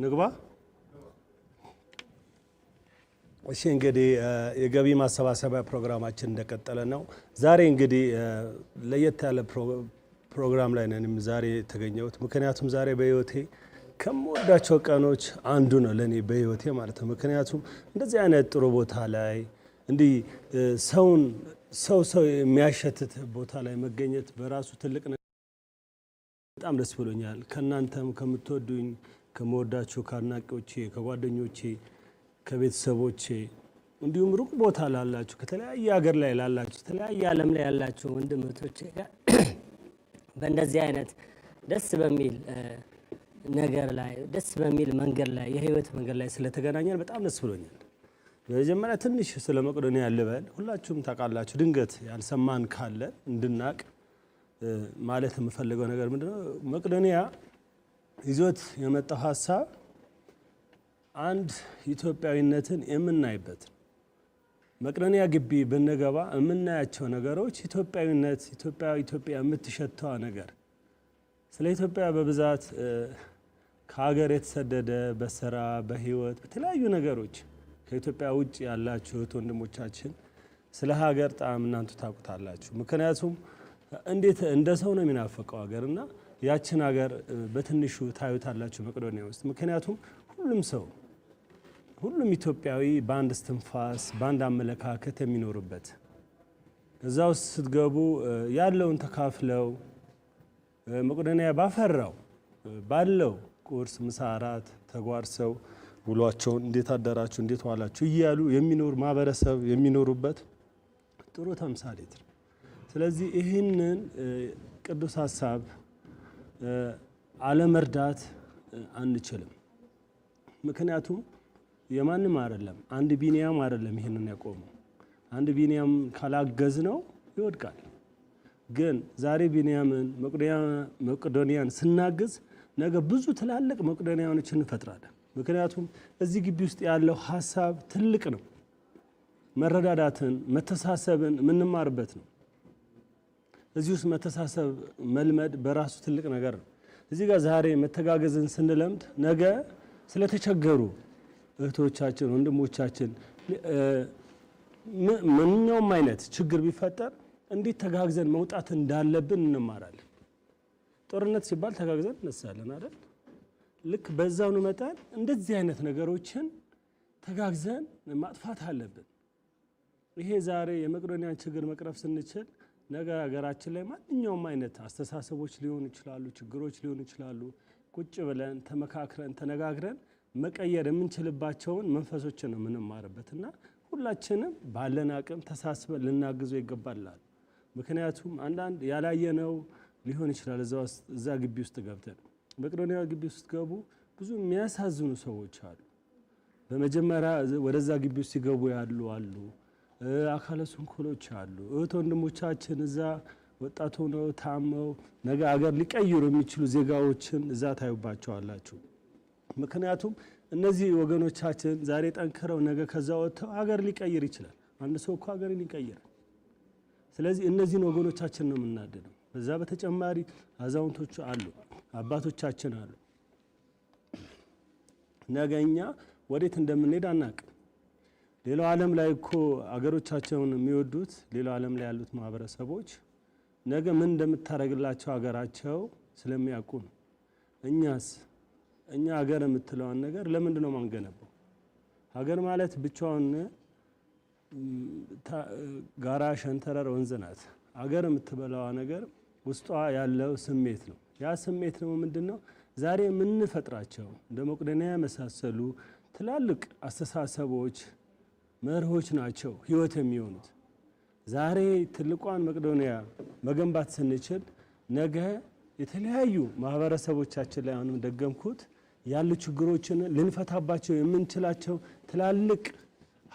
ንግባ። እሺ እንግዲህ የገቢ ማሰባሰቢያ ፕሮግራማችን እንደቀጠለ ነው። ዛሬ እንግዲህ ለየት ያለ ፕሮግራም ላይ ነንም ዛሬ የተገኘሁት። ምክንያቱም ዛሬ በህይወቴ ከምወዳቸው ቀኖች አንዱ ነው ለእኔ በህይወቴ ማለት ነው። ምክንያቱም እንደዚህ አይነት ጥሩ ቦታ ላይ እንዲህ ሰውን ሰው ሰው የሚያሸትት ቦታ ላይ መገኘት በራሱ ትልቅ በጣም ደስ ብሎኛል። ከእናንተም ከምትወዱኝ ከመወዳቸው ከአድናቂዎቼ፣ ከጓደኞቼ፣ ከቤተሰቦቼ እንዲሁም ሩቅ ቦታ ላላችሁ ከተለያየ ሀገር ላይ ላላችሁ የተለያየ ዓለም ላይ ያላችሁ ወንድም እህቶቼ ጋር በእንደዚህ አይነት ደስ በሚል ነገር ላይ ደስ በሚል መንገድ ላይ የህይወት መንገድ ላይ ስለተገናኘን በጣም ደስ ብሎኛል። በመጀመሪያ ትንሽ ስለ መቄዶንያ ልበል። ሁላችሁም ታውቃላችሁ። ድንገት ያልሰማን ካለ እንድናቅ ማለት የምፈልገው ነገር ምንድነው መቄዶንያ ይዞት የመጣው ሀሳብ አንድ ኢትዮጵያዊነትን የምናይበት መቅደኒያ ግቢ ብንገባ የምናያቸው ነገሮች ኢትዮጵያዊነት ኢትዮጵያ ኢትዮጵያ የምትሸተዋ ነገር ስለ ኢትዮጵያ በብዛት ከሀገር የተሰደደ በስራ በህይወት በተለያዩ ነገሮች ከኢትዮጵያ ውጭ ያላችሁ እህት ወንድሞቻችን ስለ ሀገር ጣም እናንቱ ታውቁታላችሁ። ምክንያቱም እንዴት እንደ ሰው ነው የሚናፈቀው ሀገር እና ያችን ሀገር በትንሹ ታዩታላችሁ መቅዶኒያ ውስጥ። ምክንያቱም ሁሉም ሰው ሁሉም ኢትዮጵያዊ በአንድ እስትንፋስ በአንድ አመለካከት የሚኖሩበት እዛ ውስጥ ስትገቡ ያለውን ተካፍለው መቅዶኒያ ባፈራው ባለው ቁርስ፣ ምሳ፣ እራት ተጓርሰው ውሏቸውን እንዴት አደራችሁ እንዴት ዋላችሁ እያሉ የሚኖር ማህበረሰብ የሚኖሩበት ጥሩ ተምሳሌት ነው። ስለዚህ ይህንን ቅዱስ ሀሳብ አለመርዳት አንችልም። ምክንያቱም የማንም አይደለም፣ አንድ ቢኒያም አይደለም ይህንን ያቆመው። አንድ ቢኒያም ካላገዝ ነው ይወድቃል። ግን ዛሬ ቢኒያምን መቅዶኒያን ስናግዝ ነገ ብዙ ትላልቅ መቄዶንያኖች እንፈጥራለን። ምክንያቱም እዚህ ግቢ ውስጥ ያለው ሀሳብ ትልቅ ነው። መረዳዳትን፣ መተሳሰብን የምንማርበት ነው። እዚህ ውስጥ መተሳሰብ መልመድ በራሱ ትልቅ ነገር ነው። እዚህ ጋር ዛሬ መተጋገዝን ስንለምድ ነገ ስለተቸገሩ እህቶቻችን፣ ወንድሞቻችን ማንኛውም አይነት ችግር ቢፈጠር እንዴት ተጋግዘን መውጣት እንዳለብን እንማራለን። ጦርነት ሲባል ተጋግዘን እነሳለን አይደል? ልክ በዛውኑ መጠን እንደዚህ አይነት ነገሮችን ተጋግዘን ማጥፋት አለብን። ይሄ ዛሬ የመቄዶንያን ችግር መቅረፍ ስንችል ነገ ሀገራችን ላይ ማንኛውም አይነት አስተሳሰቦች ሊሆኑ ይችላሉ፣ ችግሮች ሊሆኑ ይችላሉ። ቁጭ ብለን ተመካክረን ተነጋግረን መቀየር የምንችልባቸውን መንፈሶችን ነው የምንማርበት እና ሁላችንም ባለን አቅም ተሳስበን ልናግዘው ይገባላል። ምክንያቱም አንዳንድ ያላየነው ሊሆን ይችላል። እዛ ግቢ ውስጥ ገብተን መቄዶንያ ግቢ ውስጥ ገቡ ብዙ የሚያሳዝኑ ሰዎች አሉ። በመጀመሪያ ወደዛ ግቢ ውስጥ ሲገቡ ያሉ አሉ አካለ ስንኩሎች አሉ። እህት ወንድሞቻችን እዛ ወጣት ሆነው ታመው ነገ አገር ሊቀይሩ የሚችሉ ዜጋዎችን እዛ ታዩባቸዋላችሁ። ምክንያቱም እነዚህ ወገኖቻችን ዛሬ ጠንክረው ነገ ከዛ ወጥተው አገር ሊቀይር ይችላል። አንድ ሰው እኮ አገር ሊቀይር። ስለዚህ እነዚህን ወገኖቻችን ነው የምናደደው። በዛ በተጨማሪ አዛውንቶቹ አሉ፣ አባቶቻችን አሉ። ነገ እኛ ወዴት እንደምንሄድ አናቅም። ሌላው ዓለም ላይ እኮ አገሮቻቸውን የሚወዱት ሌላው ዓለም ላይ ያሉት ማህበረሰቦች ነገ ምን እንደምታደርግላቸው አገራቸው ስለሚያውቁ ነው። እኛስ እኛ ሀገር የምትለዋን ነገር ለምንድን ነው ማንገነባው? ሀገር ማለት ብቻውን ጋራ ሸንተረር ወንዝ ናት። አገር የምትበላዋ ነገር ውስጧ ያለው ስሜት ነው። ያ ስሜት ደግሞ ምንድን ነው? ዛሬ የምንፈጥራቸው እንደ መቄዶንያ የመሳሰሉ ትላልቅ አስተሳሰቦች መርሆች ናቸው ህይወት የሚሆኑት። ዛሬ ትልቋን መቅዶንያ መገንባት ስንችል ነገ የተለያዩ ማህበረሰቦቻችን ላይ አሁንም ደገምኩት ያሉ ችግሮችን ልንፈታባቸው የምንችላቸው ትላልቅ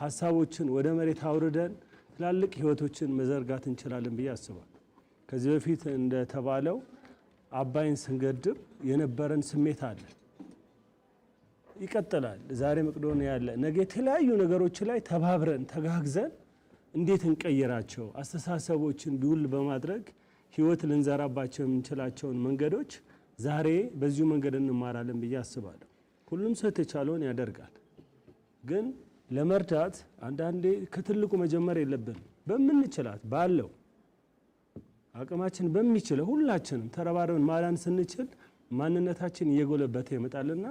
ሀሳቦችን ወደ መሬት አውርደን ትላልቅ ህይወቶችን መዘርጋት እንችላለን ብዬ አስባለሁ። ከዚህ በፊት እንደተባለው አባይን ስንገድብ የነበረን ስሜት አለን። ይቀጥላል። ዛሬ መቅዶኒያ ያለ ነገ የተለያዩ ነገሮች ላይ ተባብረን ተጋግዘን እንዴት እንቀይራቸው አስተሳሰቦችን ቢውል በማድረግ ህይወት ልንዘራባቸው የምንችላቸውን መንገዶች ዛሬ በዚሁ መንገድ እንማራለን ብዬ አስባለሁ። ሁሉም ሰው የተቻለውን ያደርጋል። ግን ለመርዳት አንዳንዴ ከትልቁ መጀመር የለብን በምንችላት ባለው አቅማችን በሚችለው ሁላችንም ተረባርበን ማዳን ስንችል ማንነታችን እየጎለበተ ይመጣልና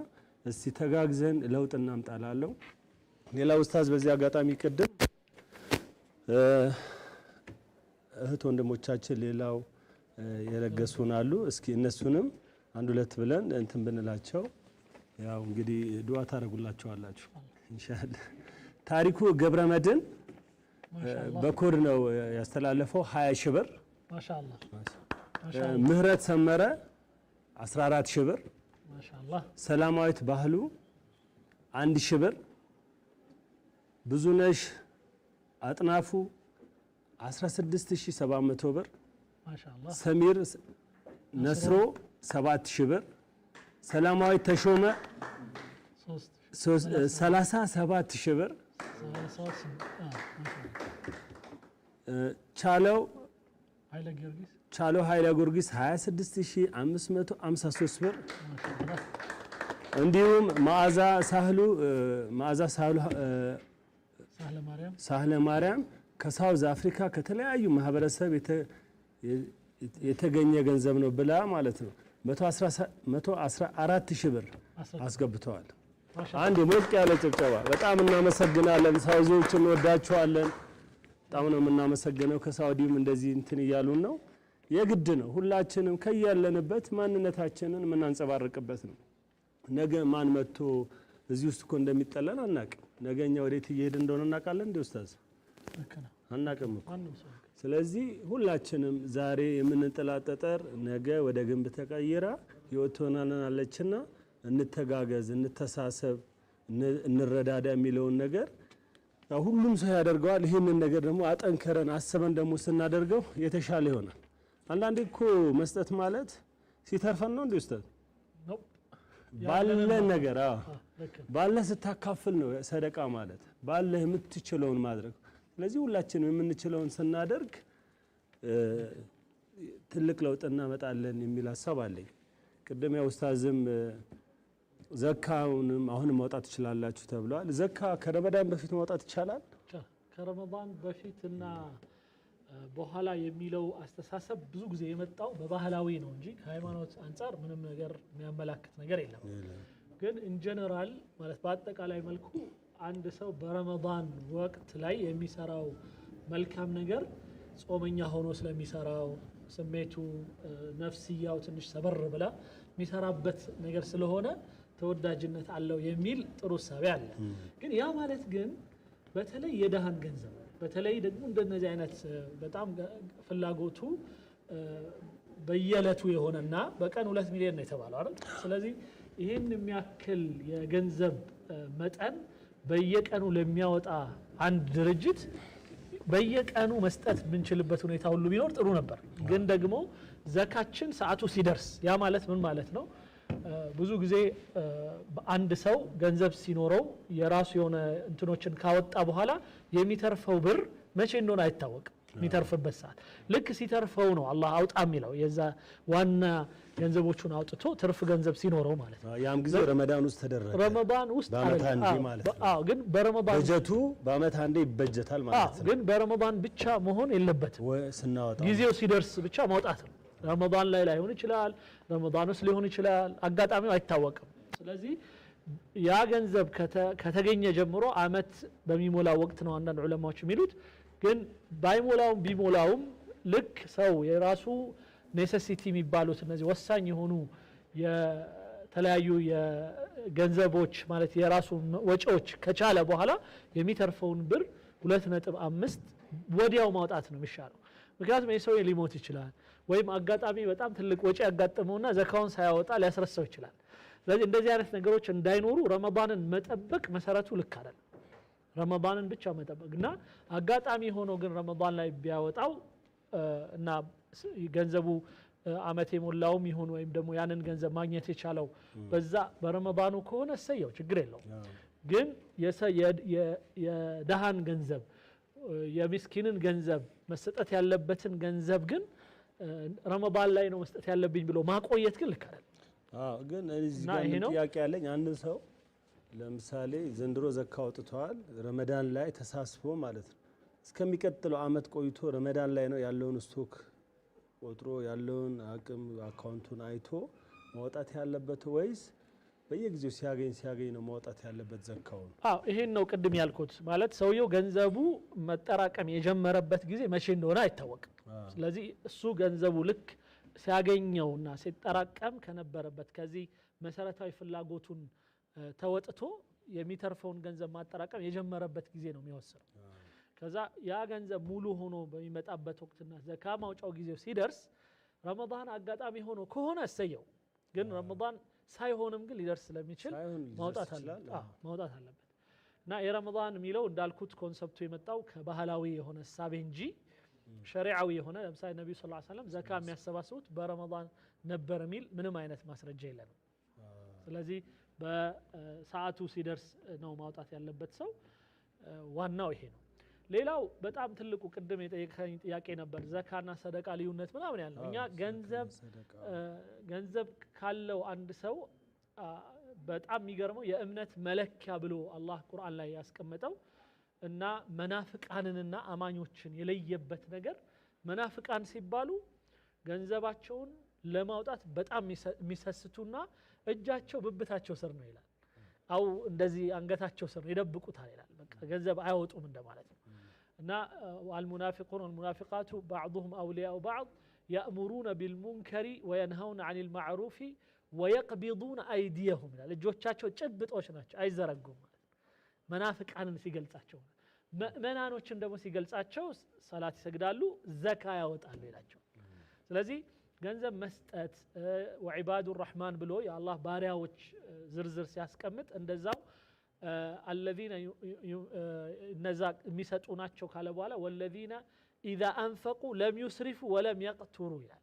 እስቲ ተጋግዘን ለውጥ እናምጣላለው። ሌላ ውስታዝ በዚህ አጋጣሚ ቅድም እህት ወንድሞቻችን ሌላው የለገሱን አሉ። እስኪ እነሱንም አንድ ሁለት ብለን እንትን ብንላቸው ያው እንግዲህ ዱዓ ታደርጉላቸዋላችሁ ኢንሻአላህ። ታሪኩ ገብረ መድን በኮድ ነው ያስተላለፈው 20 ሺህ ብር። ምህረት ሰመረ 14 ሺህ ብር ሰላማዊት ባህሉ አንድ ሺህ ብር፣ ነሽ አጥናፉ 16700 ብር፣ ሰሚር ነስሮ 7000 ብር፣ ሰላማዊት ተሾመ 37000 ብር፣ ቻለው ኃይለ ጊዮርጊስ ቻሎ ኃይለ ጊዮርጊስ 26553 ብር እንዲሁም መዓዛ ሳህሉ መዓዛ ሳህሉ ሳህለ ማርያም ከሳውዝ አፍሪካ ከተለያዩ ማህበረሰብ የተገኘ ገንዘብ ነው ብላ ማለት ነው 114 ሺህ ብር አስገብተዋል። አንድ ሞቅ ያለ ጭብጨባ። በጣም እናመሰግናለን። ሳውዚዎች እንወዳችኋለን። በጣም ነው የምናመሰግነው። ከሳውዲም እንደዚህ እንትን እያሉን ነው። የግድ ነው። ሁላችንም ከያለንበት ማንነታችንን የምናንጸባርቅበት ነው። ነገ ማን መጥቶ እዚህ ውስጥ እኮ እንደሚጠለን አናቅም። ነገኛ ወዴት እየሄድ እንደሆነ እናውቃለን። እንዲ ኡስታዝ? አናቅም እኮ። ስለዚህ ሁላችንም ዛሬ የምንጥላ ጠጠር ነገ ወደ ግንብ ተቀይራ ህይወት ትሆናለችና እንተጋገዝ፣ እንተሳሰብ፣ እንረዳዳ የሚለውን ነገር ሁሉም ሰው ያደርገዋል። ይህንን ነገር ደግሞ አጠንከረን አስበን ደግሞ ስናደርገው የተሻለ ይሆናል። አንዳንዴ እኮ መስጠት ማለት ሲተርፈን ነው እንዴ ኡስታዝ? ባለ ነገር ባለ ስታካፍል ነው ሰደቃ ማለት፣ ባለ የምትችለውን ማድረግ። ስለዚህ ሁላችንም የምንችለውን ስናደርግ ትልቅ ለውጥ እናመጣለን የሚል ሀሳብ አለኝ። ቅድም ያው ኡስታዝም ዘካውንም አሁን ማውጣት ትችላላችሁ ተብሏል። ዘካ ከረመዳን በፊት ማውጣት ይቻላል ከረመዳን በፊትና በኋላ የሚለው አስተሳሰብ ብዙ ጊዜ የመጣው በባህላዊ ነው እንጂ ከሃይማኖት አንጻር ምንም ነገር የሚያመላክት ነገር የለም። ግን ኢንጀነራል ማለት በአጠቃላይ መልኩ አንድ ሰው በረመዳን ወቅት ላይ የሚሰራው መልካም ነገር ጾመኛ ሆኖ ስለሚሰራው ስሜቱ ነፍስያው ትንሽ ሰበር ብላ የሚሰራበት ነገር ስለሆነ ተወዳጅነት አለው የሚል ጥሩ እሳቤ አለ። ግን ያ ማለት ግን በተለይ የድሃን ገንዘብ በተለይ ደግሞ እንደነዚህ አይነት በጣም ፍላጎቱ በየዕለቱ የሆነና በቀን ሁለት ሚሊዮን ነው የተባለው አይደል? ስለዚህ ይህን የሚያክል የገንዘብ መጠን በየቀኑ ለሚያወጣ አንድ ድርጅት በየቀኑ መስጠት የምንችልበት ሁኔታ ሁሉ ቢኖር ጥሩ ነበር። ግን ደግሞ ዘካችን ሰዓቱ ሲደርስ ያ ማለት ምን ማለት ነው? ብዙ ጊዜ አንድ ሰው ገንዘብ ሲኖረው የራሱ የሆነ እንትኖችን ካወጣ በኋላ የሚተርፈው ብር መቼ እንደሆነ አይታወቅም። የሚተርፍበት ሰዓት ልክ ሲተርፈው ነው አላ አውጣ የሚለው የዛ ዋና ገንዘቦቹን አውጥቶ ትርፍ ገንዘብ ሲኖረው ማለት ነው። ያም ጊዜ ረመዳን ውስጥ ተደረገ። ረመዳን ውስጥ ግን በረመዳን በጀቱ በአመት አንዴ ይበጀታል ማለት ነው። ግን በረመዳን ብቻ መሆን የለበትም። ጊዜው ሲደርስ ብቻ ማውጣት ነው። ረመዳን ላይ ላይሆን ይችላል፣ ረመዳን ውስጥ ሊሆን ይችላል። አጋጣሚው አይታወቅም። ስለዚህ ያ ገንዘብ ከተገኘ ጀምሮ አመት በሚሞላው ወቅት ነው አንዳንድ ዑለማዎች የሚሉት። ግን ባይሞላውም ቢሞላውም ልክ ሰው የራሱ ኔሴሲቲ የሚባሉት እነዚህ ወሳኝ የሆኑ የተለያዩ የገንዘቦች ማለት የራሱ ወጪዎች ከቻለ በኋላ የሚተርፈውን ብር ሁለት ነጥብ አምስት ወዲያው ማውጣት ነው የሚሻለው። ምክንያቱም ይህ ሰው ሊሞት ይችላል፣ ወይም አጋጣሚ በጣም ትልቅ ወጪ ያጋጥመውና ዘካውን ሳያወጣ ሊያስረሳው ይችላል። ስለዚህ እንደዚህ አይነት ነገሮች እንዳይኖሩ ረመባንን መጠበቅ መሰረቱ ልክ አለ ረመባንን ብቻ መጠበቅ እና አጋጣሚ ሆኖ ግን ረመባን ላይ ቢያወጣው እና ገንዘቡ አመት የሞላውም ይሁን ወይም ደግሞ ያንን ገንዘብ ማግኘት የቻለው በዛ በረመባኑ ከሆነ እሰየው ችግር የለው ግን የድሃን ገንዘብ የሚስኪንን ገንዘብ መሰጠት ያለበትን ገንዘብ ግን ረመባን ላይ ነው መስጠት ያለብኝ ብሎ ማቆየት ግን ልክ አይደለም። ግን እዚህ ጋር ጥያቄ ያለኝ አንድ ሰው ለምሳሌ ዘንድሮ ዘካ አውጥተዋል፣ ረመዳን ላይ ተሳስቦ ማለት ነው እስከሚቀጥለው አመት ቆይቶ ረመዳን ላይ ነው ያለውን ስቶክ ቆጥሮ ያለውን አቅም አካውንቱን አይቶ ማውጣት ያለበት ወይስ በየጊዜው ሲያገኝ ሲያገኝ ነው ማውጣት ያለበት ዘካውን። አዎ ይሄን ነው ቅድም ያልኩት። ማለት ሰውየው ገንዘቡ መጠራቀም የጀመረበት ጊዜ መቼ እንደሆነ አይታወቅም። ስለዚህ እሱ ገንዘቡ ልክ ሲያገኘውና ሲጠራቀም ከነበረበት ከዚህ መሰረታዊ ፍላጎቱን ተወጥቶ የሚተርፈውን ገንዘብ ማጠራቀም የጀመረበት ጊዜ ነው የሚወስነው። ከዛ ያ ገንዘብ ሙሉ ሆኖ በሚመጣበት ወቅትና ዘካ ማውጫው ጊዜው ሲደርስ ረመዳን አጋጣሚ ሆኖ ከሆነ እሰየው። ግን ረመዳን ሳይሆንም ግን ሊደርስ ስለሚችል ማውጣት አለበት ማውጣት አለበት እና የረመዳን የሚለው እንዳልኩት ኮንሰፕቱ የመጣው ከባህላዊ የሆነ እሳቤ እንጂ ሸሪዓዊ የሆነ ለምሳሌ ነቢዩ ስ ሰለም ዘካ የሚያሰባስቡት በረመዳን ነበር የሚል ምንም አይነት ማስረጃ የለንም። ስለዚህ በሰዓቱ ሲደርስ ነው ማውጣት ያለበት ሰው። ዋናው ይሄ ነው። ሌላው በጣም ትልቁ ቅድም የጠየቀኝ ጥያቄ ነበር፣ ዘካና ሰደቃ ልዩነት ምናምን ያልነው እኛ ገንዘብ ገንዘብ ካለው አንድ ሰው በጣም የሚገርመው የእምነት መለኪያ ብሎ አላህ ቁርአን ላይ ያስቀመጠው እና መናፍቃንንና አማኞችን የለየበት ነገር መናፍቃን ሲባሉ ገንዘባቸውን ለማውጣት በጣም የሚሰስቱና እጃቸው ብብታቸው ስር ነው ይላል። አው እንደዚህ አንገታቸው ስር ይደብቁታል ይላል። በቃ ገንዘብ አያወጡም እንደማለት ነው። المنافقون والمنافقات بعضهم أولياء بعض يأمرون بالمنكر وينهون عن المعروف ويقبضون أيديهم لجوتشاتشو جبت أوشناتش أي زرقهم منافق عن سيقل تاتشو من أنا وشن دمو سيقل صلاة سيقدالو زكاة وطالو إلاتشو سلزي جنزم مستات وعباد الرحمن بلو يا الله باريه وش زرزر سياس كمت اندزا አለዚነ እነዛ የሚሰጡ ናቸው ካለ በኋላ ወለዚነ ኢዛ አንፈቁ ለም ዩስሪፉ ወለም የቅቱሩ ይላል።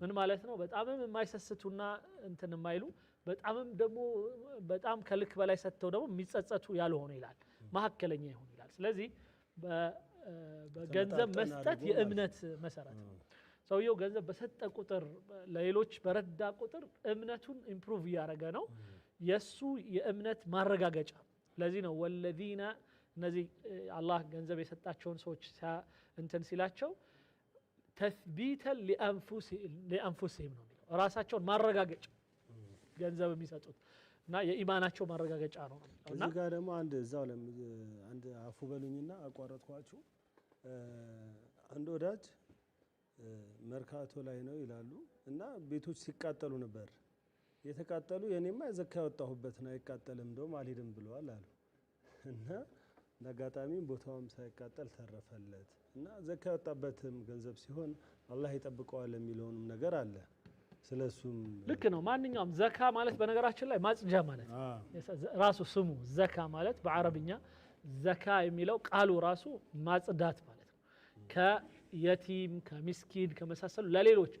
ምን ማለት ነው? በጣምም የማይሰስቱና እንትን የማይሉ በጣምም ደግሞ በጣም ከልክ በላይ ሰጥተው ደግሞ የሚጸጸቱ ያልሆኑ ይላል። መካከለኛ ይሆኑ ይላል። ስለዚህ በገንዘብ መስጠት የእምነት መሰረት ነው። ሰውየው ገንዘብ በሰጠ ቁጥር ለሌሎች በረዳ ቁጥር እምነቱን ኢምፕሩቭ እያደረገ ነው። የእሱ የእምነት ማረጋገጫ ለዚህ ነው ወለዚነ እነዚህ አላህ ገንዘብ የሰጣቸውን ሰዎች እንትን ሲላቸው ተስቢተን ሊአንፉሲህም ነው የሚለው ራሳቸውን ማረጋገጫ ገንዘብ የሚሰጡት እና የኢማናቸው ማረጋገጫ ነው። እዚህ ጋር ደግሞ አንድ እዛው አንድ አፉ በሉኝና አቋረጥኳችሁ። አንድ ወዳጅ መርካቶ ላይ ነው ይላሉ እና ቤቶች ሲቃጠሉ ነበር የተቃጠሉ የኔማ ዘካ ያወጣሁበት ነው አይቃጠልም፣ እንደውም አልሄድም ብለዋል አሉ እና አጋጣሚም ቦታውም ሳይቃጠል ተረፈለት እና ዘካ ያወጣበትም ገንዘብ ሲሆን አላህ ይጠብቀዋል የሚለውንም ነገር አለ። ስለሱም ልክ ነው። ማንኛውም ዘካ ማለት በነገራችን ላይ ማጽጃ ማለት ራሱ ስሙ ዘካ ማለት በአረብኛ ዘካ የሚለው ቃሉ ራሱ ማጽዳት ማለት ነው። ከየቲም ከሚስኪን ከመሳሰሉ ለሌሎች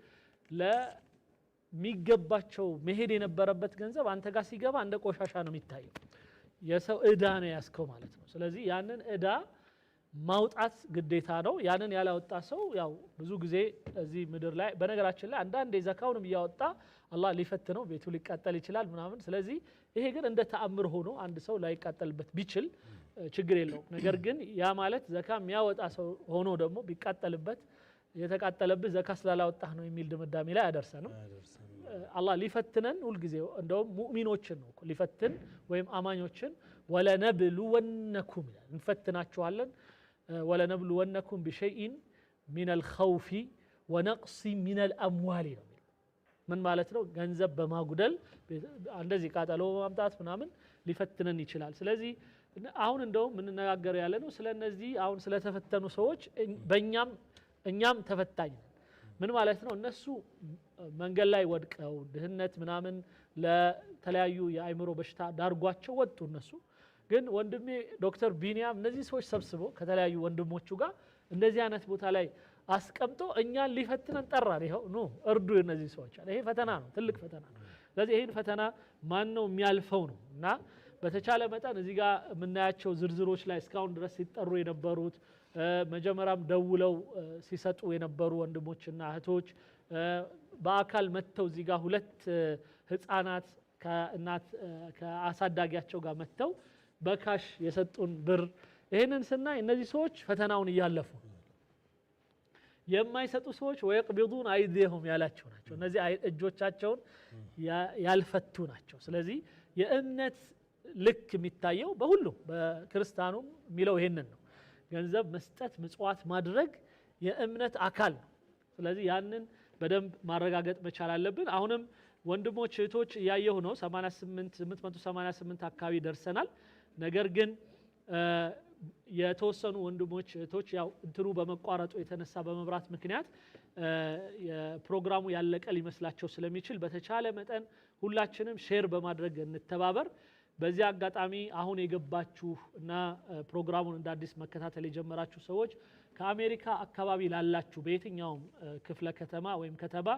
የሚገባቸው መሄድ የነበረበት ገንዘብ አንተ ጋር ሲገባ እንደ ቆሻሻ ነው የሚታየው። የሰው እዳ ነው ያስከው ማለት ነው። ስለዚህ ያንን እዳ ማውጣት ግዴታ ነው። ያንን ያላወጣ ሰው ያው ብዙ ጊዜ እዚህ ምድር ላይ በነገራችን ላይ አንዳንዴ ዘካውንም እያወጣ አላህ ሊፈትነው ቤቱ ሊቃጠል ይችላል ምናምን። ስለዚህ ይሄ ግን እንደ ተአምር ሆኖ አንድ ሰው ላይቃጠልበት ቢችል ችግር የለውም። ነገር ግን ያ ማለት ዘካ የሚያወጣ ሰው ሆኖ ደግሞ ቢቃጠልበት የተቃጠለብህ ዘካ ስላላወጣህ ነው የሚል ድምዳሜ ላይ አደርሰንም። አላህ ሊፈትነን ሁልጊዜ እንደውም ሙእሚኖችን ነው ሊፈትን ወይም አማኞችን ወለነብሉወነኩም ይላል እንፈትናችኋለን። ወለነብሉወነኩም ቢሸይን ሚነል ኸውፊ ወነቅሲ ሚነል አምዋሊ ነው። ምን ማለት ነው? ገንዘብ በማጉደል እንደዚህ ቃጠሎ በማምጣት ምናምን ሊፈትነን ይችላል። ስለዚህ አሁን እንደውም የምንነጋገረው ያለ ነው ስለነዚህ አሁን ስለተፈተኑ ሰዎች በእኛም እኛም ተፈታኝ ምን ማለት ነው? እነሱ መንገድ ላይ ወድቀው ድህነት ምናምን ለተለያዩ የአይምሮ በሽታ ዳርጓቸው ወጡ። እነሱ ግን ወንድሜ ዶክተር ቢኒያም እነዚህ ሰዎች ሰብስቦ ከተለያዩ ወንድሞቹ ጋር እንደዚህ አይነት ቦታ ላይ አስቀምጦ እኛን ሊፈትነን ጠራን። ይኸው ኑ እርዱ እነዚህ ሰዎች አለ። ይሄ ፈተና ነው፣ ትልቅ ፈተና ነው። ስለዚህ ይህን ፈተና ማን ነው የሚያልፈው ነው እና በተቻለ መጠን እዚህ ጋር የምናያቸው ዝርዝሮች ላይ እስካሁን ድረስ ሲጠሩ የነበሩት መጀመሪያም ደውለው ሲሰጡ የነበሩ ወንድሞችና እህቶች በአካል መጥተው እዚህ ጋር ሁለት ህፃናት ከእናት ከአሳዳጊያቸው ጋር መጥተው በካሽ የሰጡን ብር ይህንን ስናይ እነዚህ ሰዎች ፈተናውን እያለፉ የማይሰጡ ሰዎች ወየቅቢዱን አይዲሁም ያላቸው ናቸው። እነዚህ እጆቻቸውን ያልፈቱ ናቸው። ስለዚህ የእምነት ልክ የሚታየው በሁሉም በክርስቲያኑም የሚለው ይህንን ነው። ገንዘብ መስጠት፣ ምጽዋት ማድረግ የእምነት አካል ነው። ስለዚህ ያንን በደንብ ማረጋገጥ መቻል አለብን። አሁንም ወንድሞች እህቶች፣ እያየሁ ነው 888 አካባቢ ደርሰናል። ነገር ግን የተወሰኑ ወንድሞች እህቶች ያው እንትኑ በመቋረጡ የተነሳ በመብራት ምክንያት ፕሮግራሙ ያለቀ ሊመስላቸው ስለሚችል በተቻለ መጠን ሁላችንም ሼር በማድረግ እንተባበር። በዚህ አጋጣሚ አሁን የገባችሁ እና ፕሮግራሙን እንደ አዲስ መከታተል የጀመራችሁ ሰዎች ከአሜሪካ አካባቢ ላላችሁ በየትኛውም ክፍለ ከተማ ወይም ከተማ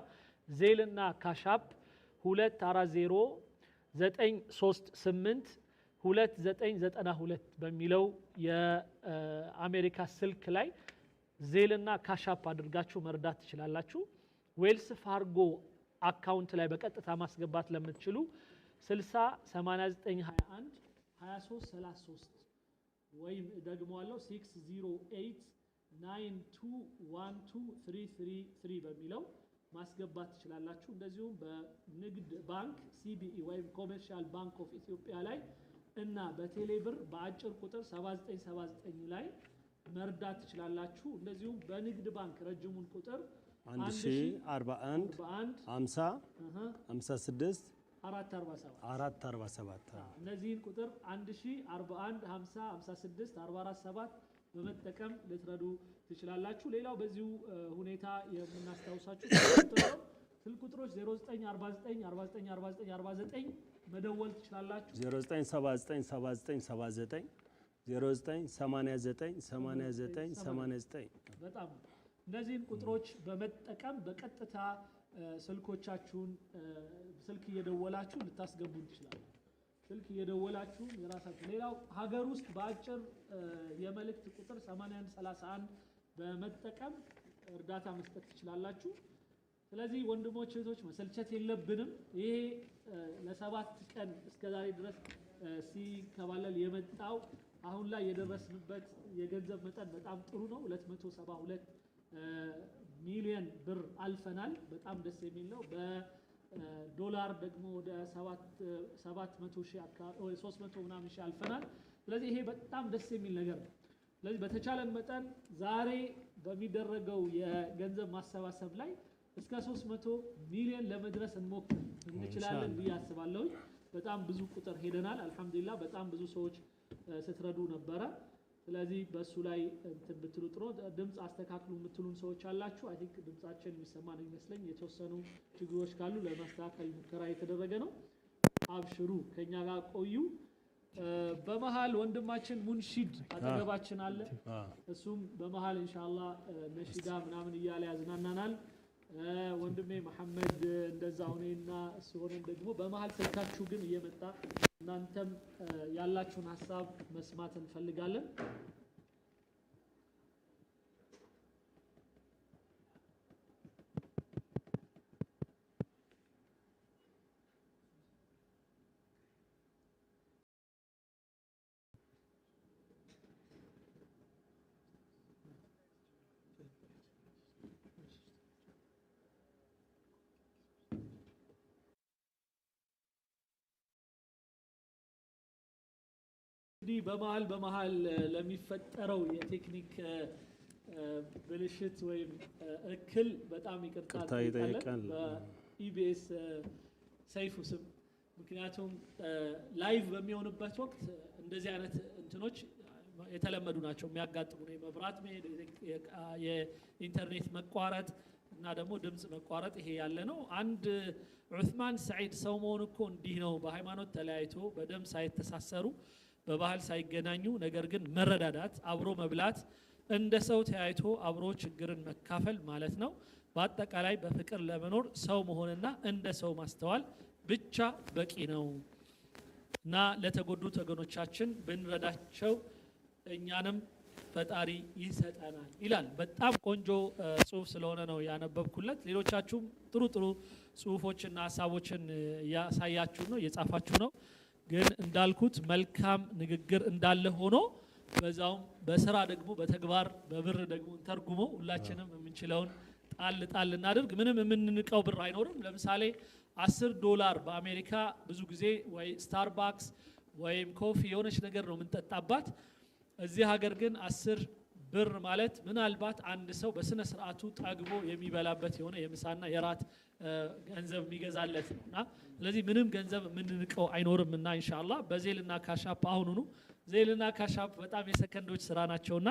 ዜልና ካሻፕ 2409382992 በሚለው የአሜሪካ ስልክ ላይ ዜልና ካሻፕ አድርጋችሁ መርዳት ትችላላችሁ። ዌልስ ፋርጎ አካውንት ላይ በቀጥታ ማስገባት ለምትችሉ 60 89 21 23 33 ወይም ደግሞዋለሁ 608 9212333 በሚለው ማስገባት ትችላላችሁ። እንደዚሁም በንግድ ባንክ ሲቢኢ ወይም ኮሜርሻል ባንክ ኦፍ ኢትዮጵያ ላይ እና በቴሌብር በአጭር ቁጥር 7979 ላይ መርዳት ትችላላችሁ። እንደዚሁም በንግድ ባንክ ረጅሙን ቁጥር 1041 50 56 447 እነዚህን ቁጥር 1041 50 56 447 በመጠቀም ልትረዱ ትችላላችሁ። ሌላው በዚሁ ሁኔታ የምናስታውሳችሁ ስልክ ቁጥሮች 0949494949 መደወል ትችላላችሁ። 09797979 በጣም እነዚህን ቁጥሮች በመጠቀም በቀጥታ ስልኮቻችሁን ስልክ እየደወላችሁ ልታስገቡ ትችላላችሁ። ስልክ እየደወላችሁ የራሳችሁ ሌላው ሀገር ውስጥ በአጭር የመልእክት ቁጥር 8131 በመጠቀም እርዳታ መስጠት ትችላላችሁ። ስለዚህ ወንድሞች እህቶች፣ መሰልቸት የለብንም። ይሄ ለሰባት ቀን እስከዛሬ ድረስ ሲከባለል የመጣው አሁን ላይ የደረስንበት የገንዘብ መጠን በጣም ጥሩ ነው። 272 ሚሊዮን ብር አልፈናል። በጣም ደስ የሚል ነው። በዶላር ደግሞ ወደ 700 300 ምናምን ሺህ አልፈናል። ስለዚህ ይሄ በጣም ደስ የሚል ነገር ነው። ስለዚህ በተቻለን መጠን ዛሬ በሚደረገው የገንዘብ ማሰባሰብ ላይ እስከ 300 ሚሊዮን ለመድረስ እንሞክር እንችላለን ብዬ አስባለሁ። በጣም ብዙ ቁጥር ሄደናል። አልሐምዱሊላህ በጣም ብዙ ሰዎች ስትረዱ ነበረ። ስለዚህ በእሱ ላይ እንትን ብትሉ ጥሩ። ድምፅ አስተካክሉ የምትሉን ሰዎች አላችሁ። አይ ቲንክ ድምፃችን የሚሰማ ነው ይመስለኝ። የተወሰኑ ችግሮች ካሉ ለማስተካከል ሙከራ የተደረገ ነው። አብሽሩ፣ ከኛ ጋር ቆዩ። በመሀል ወንድማችን ሙንሺድ አጠገባችን አለ። እሱም በመሀል እንሻላ ነሺዳ ምናምን እያለ ያዝናናናል። ወንድሜ መሐመድ እንደዛ ሁኔና ሲሆንም ደግሞ በመሀል ስልካችሁ ግን እየመጣ እናንተም ያላችሁን ሀሳብ መስማት እንፈልጋለን። እንግዲህ በመሀል በመሀል ለሚፈጠረው የቴክኒክ ብልሽት ወይም እክል በጣም ይቅርታ ይጠይቃል በኢቢኤስ ሰይፉ ስም። ምክንያቱም ላይቭ በሚሆንበት ወቅት እንደዚህ አይነት እንትኖች የተለመዱ ናቸው የሚያጋጥሙ የመብራት መሄድ፣ የኢንተርኔት መቋረጥ እና ደግሞ ድምፅ መቋረጥ ይሄ ያለ ነው። አንድ ዑስማን ሰዒድ ሰው መሆን እኮ እንዲህ ነው። በሃይማኖት ተለያይቶ በደም ሳይተሳሰሩ በባህል ሳይገናኙ ነገር ግን መረዳዳት፣ አብሮ መብላት፣ እንደ ሰው ተያይቶ አብሮ ችግርን መካፈል ማለት ነው። በአጠቃላይ በፍቅር ለመኖር ሰው መሆንና እንደ ሰው ማስተዋል ብቻ በቂ ነው እና ለተጎዱት ወገኖቻችን ብንረዳቸው እኛንም ፈጣሪ ይሰጠናል ይላል። በጣም ቆንጆ ጽሁፍ ስለሆነ ነው ያነበብኩለት። ሌሎቻችሁም ጥሩ ጥሩ ጽሁፎችና ሀሳቦችን እያሳያችሁ ነው፣ እየጻፋችሁ ነው። ግን እንዳልኩት መልካም ንግግር እንዳለ ሆኖ በዛውም በስራ ደግሞ በተግባር በብር ደግሞ ተርጉሞ ሁላችንም የምንችለውን ጣል ጣል እናድርግ። ምንም የምንንቀው ብር አይኖርም። ለምሳሌ አስር ዶላር በአሜሪካ ብዙ ጊዜ ወይ ስታርባክስ ወይም ኮፊ የሆነች ነገር ነው የምንጠጣባት። እዚህ ሀገር ግን አስር ብር ማለት ምናልባት አንድ ሰው በስነ ስርዓቱ ጠግቦ የሚበላበት የሆነ የምሳና የራት ገንዘብ የሚገዛለት ነው እና ስለዚህ ምንም ገንዘብ የምንንቀው አይኖርም እና እንሻላ በዜልና ካሻፕ አሁኑኑ ዜልና ካሻፕ በጣም የሰከንዶች ስራ ናቸውና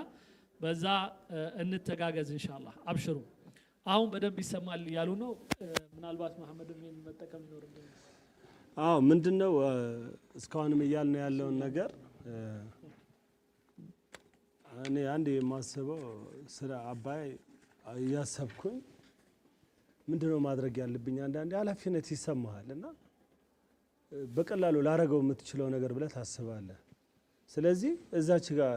በዛ እንተጋገዝ እንሻላ አብሽሩ አሁን በደንብ ይሰማል እያሉ ነው ምናልባት መሐመድ ይህን መጠቀም ይኖር አዎ ምንድን ነው እስካሁንም ነው ያለውን ነገር እኔ አንድ የማስበው ስራ አባይ እያሰብኩኝ ምንድነው ማድረግ ያለብኝ? አንዳንዴ ኃላፊነት ይሰማሃል እና በቀላሉ ላረገው የምትችለው ነገር ብለህ ታስባለህ። ስለዚህ እዛች ጋር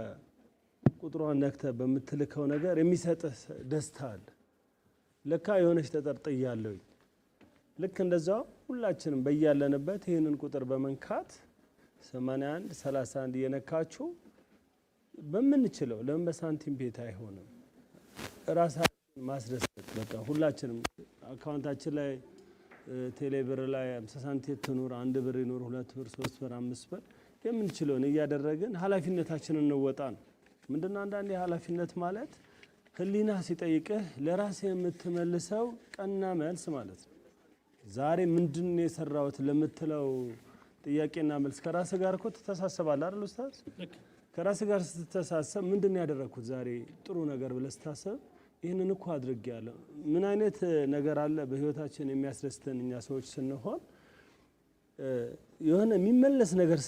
ቁጥሯን ነክተህ በምትልከው ነገር የሚሰጥህ ደስታ አለ። ለካ የሆነች ተጠርጥያለሁኝ። ልክ እንደዛው ሁላችንም በያለንበት ይህንን ቁጥር በመንካት 81 31 እየነካችሁ በምንችለው ለምን በሳንቲም ቤት አይሆንም? ራሳችን ማስደሰት በቃ ሁላችንም አካውንታችን ላይ ቴሌ ብር ላይ አምሳ ሳንቲም ትኑር፣ አንድ ብር ይኑር፣ ሁለት ብር፣ ሶስት ብር፣ አምስት ብር የምንችለውን እያደረግን ኃላፊነታችንን እንወጣ ነው። ምንድነው አንዳንዴ ኃላፊነት ማለት ህሊና ሲጠይቅህ ለራስ የምትመልሰው ቀና መልስ ማለት ነው። ዛሬ ምንድን የሰራሁት ለምትለው ጥያቄና መልስ ከራስ ጋር እኮ ትተሳሰባለህ አይደል ኡስታዝ? ከራስ ጋር ስትተሳሰብ ምንድን ያደረግኩት ዛሬ ጥሩ ነገር ብለህ ስታሰብ ይህንን እኮ አድርግ ያለው ምን አይነት ነገር አለ? በህይወታችን የሚያስደስተን እኛ ሰዎች ስንሆን የሆነ የሚመለስ ነገር